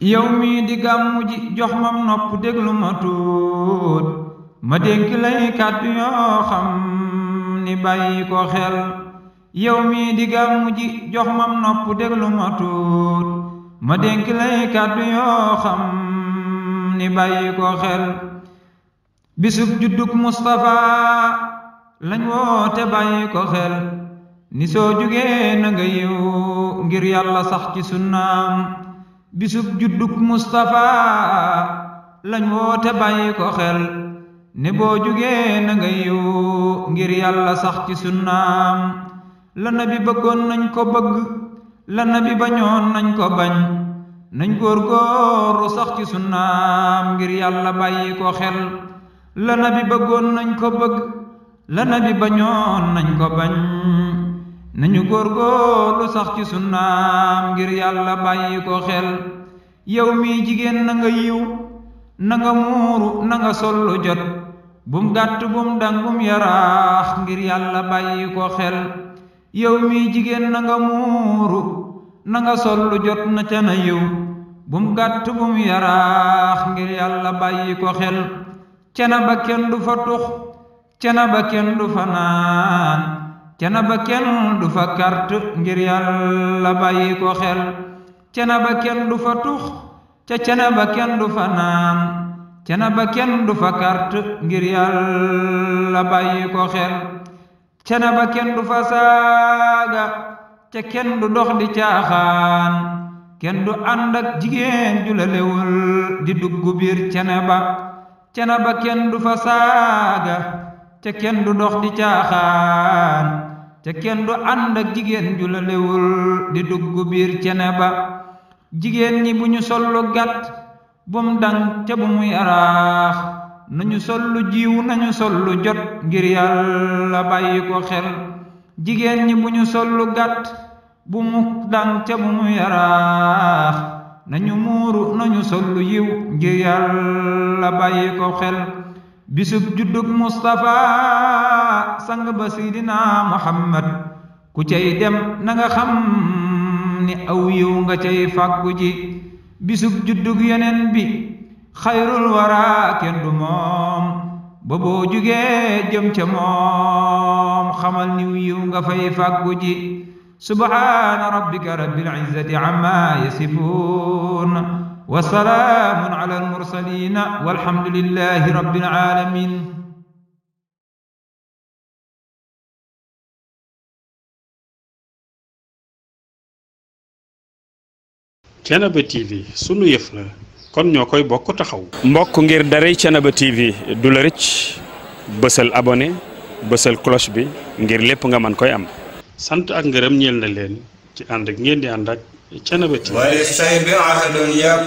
yow mii di gàmmu ji jox ma nopp déglu ma tuut ma dénk kàddu yoo xam ni bàyyi ko xel yow mii di gàmmu ji jox ma noppu déglu ma tuut ma dénk kàddu yoo xam ni bàyyi ko xel bisub juddug Mustapha lañ woote bàyyi ko xel ni soo jugee na nga yiw ngir yàlla sax ci sunnaam bisub juddug Mustapha lañ woote bàyyi ko xel ne boo jógee na nga yiw ngir yàlla sax ci sunnaam la nabi bëggoon nañ ko bëgg la bi bañoon nañ ko bañ nañ góorgóorlu sax ci sunnaam ngir yàlla bàyyi ko xel la nabi bëggoon nañ ko bëgg la nabi bañoon nañ ko bañ nañu góorgóorlu sax ci sunnaam ngir yàlla bàyyi ko xel yow mi jigéen na nga yiw na nga muuru na nga sol lu jot bum gàtt bum dangum yaraax ngir yàlla bàyyi ko xel yow mi jigéen na nga muuru na nga sol lu jot na ca na yiw bum gàtt bum yaraax ngir yàlla bàyyi ko xel cana ba kenn du fa tux cana ba kenn du fa naan cana ba kenn du fa kart ngir yàlla bàyyi ko xel cana ba kenn du fa tux ca cana ba kenn du fa naan cana ba kenn du fa kart ngir yàlla bàyyi ko xel cana ba kenn du fa saaga ca kenn du dox di caaxaan kenn du ànd ak jigéen ju di dugg biir cana ba cana ba kenn du fa saaga ca kenn du dox di caaxaan te kenn du ànd ak jigéen ju la lewul di dugg biir cene ba jigéen ñi bu ñu sollu gàtt bum dang te bu muy araax nañu jiw jiiw nañu sollu jot ngir yàlla bàyyi ko xel jigéen ñi bu ñu sollu gàtt bu mu dang te bu muy araax nañu muuru nañu sollu yiw ngir yàlla bàyyi ko xel bisub juddug Mustafa sang ba seydina muhammad ku cay dem na nga xam ni aw yiw nga cay fàggu ji bisub juddug yeneen bi xayrul wara kenn du moom ba boo jugee jëm ca moom xamal niw yiw nga fay fàggu ji subhaana rabbika rabbil izzati amma yasifuun wa salaamun ala al mursaliina walhamdulillahi rabbil aalamiin Thiénaba TV sunu yëf la kon ñoo koy bokk taxaw. mbokk ngir daray Thiénaba TV du la rëcc bësal abonné bësal cloche bi ngir lépp nga man koy am. sant ak ngërëm ñeel na leen ci ànd ak ngeen di ànd ak Thiénaba TV. say bi ahadun yab.